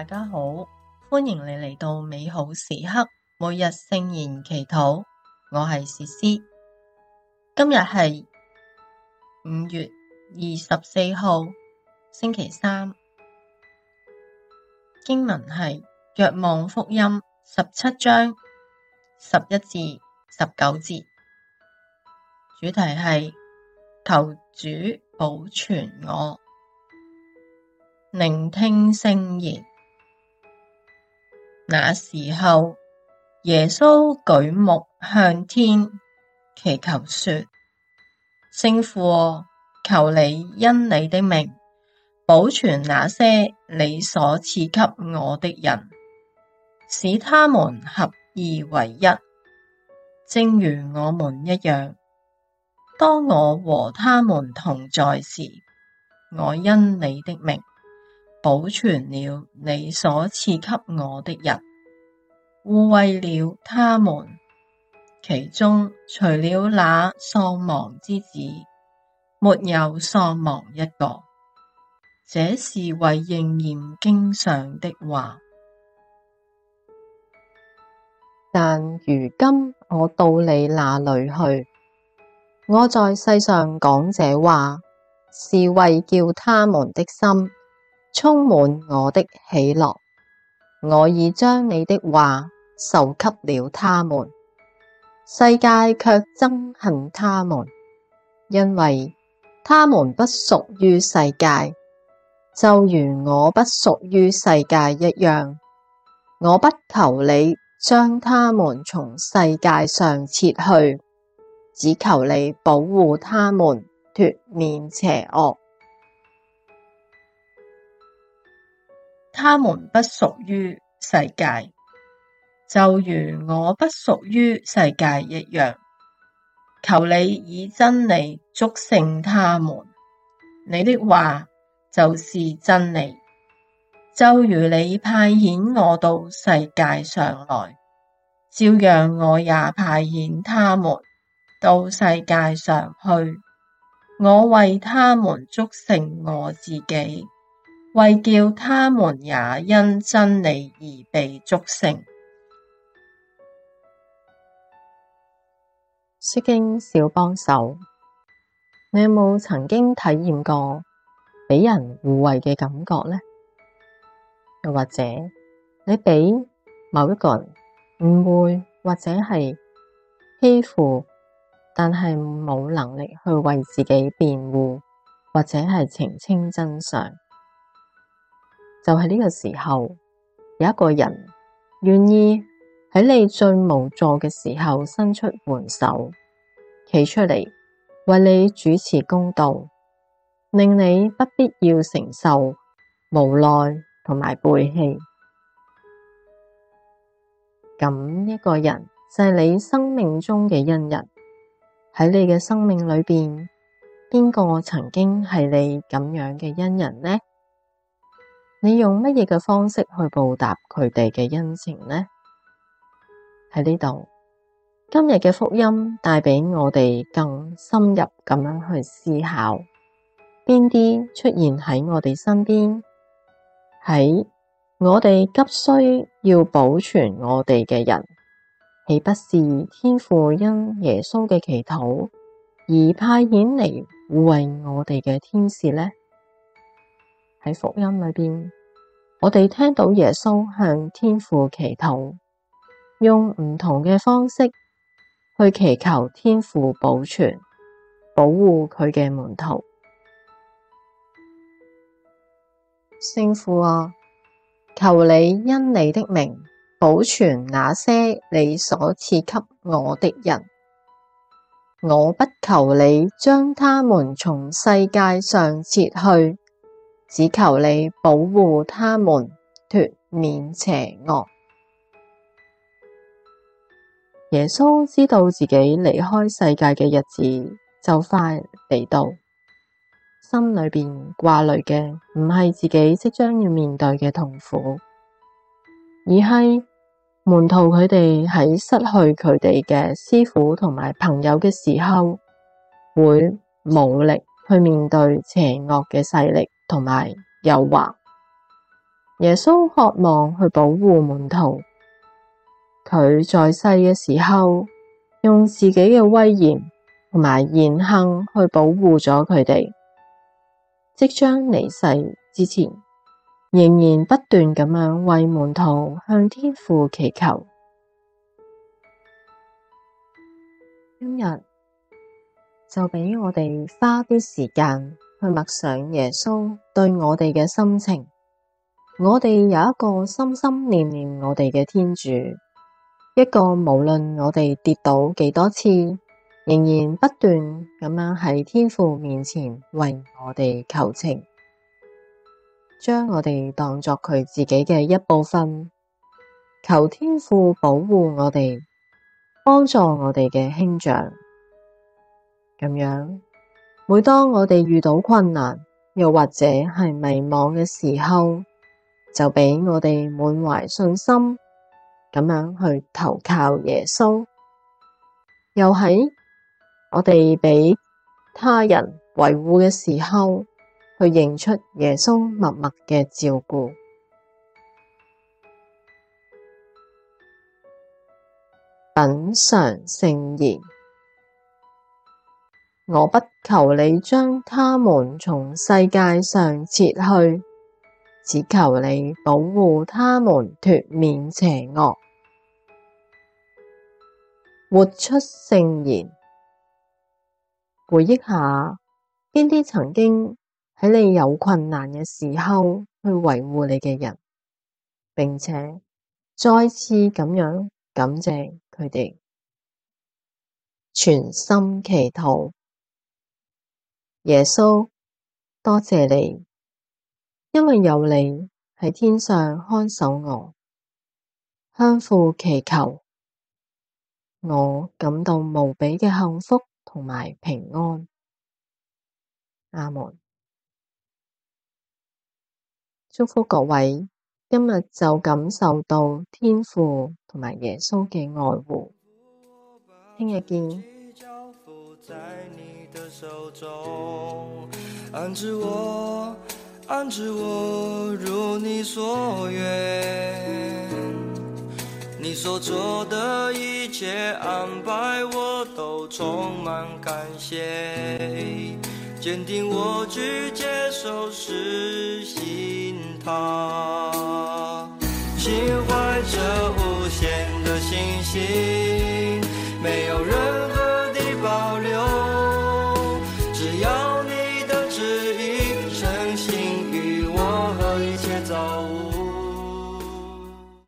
大家好，歡迎你嚟到美好時刻每日聖言祈禱，我係詩詩。今日係五月二十四號星期三，經文係《若望福音》十七章十一至十九節，主題係求主保全我，聆聽聖言。那時候，耶穌舉目向天祈求說：聖父啊，求你因你的名，保全那些你所賜給我的人，使他們合而為一，正如我們一樣。當我和他們同在時，我因你的名。」保存了你所賜給我的人，護衛了他們，其中除了那喪亡之子，沒有喪亡一個。這是為應驗經上的話。但如今我到你那裡去，我在世上講這話，是為叫他們的心。充滿我的喜樂，我已將你的話授給了他們，世界卻憎恨他們，因為他們不屬於世界，就如我不屬於世界一樣。我不求你將他們從世界上撤去，只求你保護他們脫免邪惡。他們不屬於世界，就如我不屬於世界一樣。求你以真理祝聖他們，你的話就是真理。就如你派遣我到世界上來，照樣我也派遣他們到世界上去，我為他們祝聖我自己。為叫他們也因真理而被祝聖。釋經小幫手。你有冇曾經體驗過畀人護衛嘅感覺呢？又或者你畀某一個人誤會或者係欺負，但係冇能力去為自己辯護或者係澄清真相？就係呢個時候，有一個人願意喺你最無助嘅時候伸出援手，企出嚟為你主持公道，令你不必要承受無奈同埋背棄。咁呢個人就係你生命中嘅恩人。喺你嘅生命裏邊，邊個曾經係你咁樣嘅恩人呢？你用乜嘢嘅方式去報答佢哋嘅恩情呢？喺呢度，今日嘅福音帶畀我哋更深入咁樣去思考，邊啲出現喺我哋身邊，喺我哋急需要保全我哋嘅人，豈不是天父因耶穌嘅祈禱而派遣嚟護衛我哋嘅天使呢？喺福音裏邊，我哋聽到耶穌向天父祈禱，用唔同嘅方式去祈求天父保全、保護佢嘅門徒。聖父啊，求你因你的名保全那些你所賜給我的人。我不求你將他們從世界上撤去。只求你保護他們，脫免邪惡。耶穌知道自己離開世界嘅日子就快嚟到，心裏邊掛慮嘅唔係自己即將要面對嘅痛苦，而係門徒佢哋喺失去佢哋嘅師傅同埋朋友嘅時候，會無力去面對邪惡嘅勢力。同埋誘惑，耶穌渴望去保護門徒。佢在世嘅時候，用自己嘅威嚴同埋言行去保護咗佢哋。即將離世之前，仍然不斷咁樣為門徒向天父祈求。今日就畀我哋花啲時間。去默想耶穌對我哋嘅深情，我哋有一個心心念念我哋嘅天主，一個無論我哋跌倒幾多次，仍然不斷咁樣喺天父面前為我哋求情，將我哋當作佢自己嘅一部分，求天父保護我哋，幫助我哋嘅兄長，咁樣。每當我哋遇到困難，又或者係迷茫嘅時候，就畀我哋滿懷信心咁樣去投靠耶穌；又喺我哋畀他人維護嘅時候，去認出耶穌默默嘅照顧。品嚐聖言。我不求你將他們從世界上撤去，只求你保護他們脫免邪惡。活出聖言。回憶下邊啲曾經喺你有困難嘅時候去維護你嘅人，並且再次咁樣感謝佢哋，全心祈禱。耶穌，多謝你，因為有你喺天上看守我，向父祈求，我感到無比嘅幸福同埋平安。阿門。祝福各位，今日就感受到天父同埋耶穌嘅愛護。聽日見。的手中，安置我，安置我如你所願。你所做的一切安排，我都充滿感謝。堅定我去接受，是心他，心懷着無限的信心，沒有任何。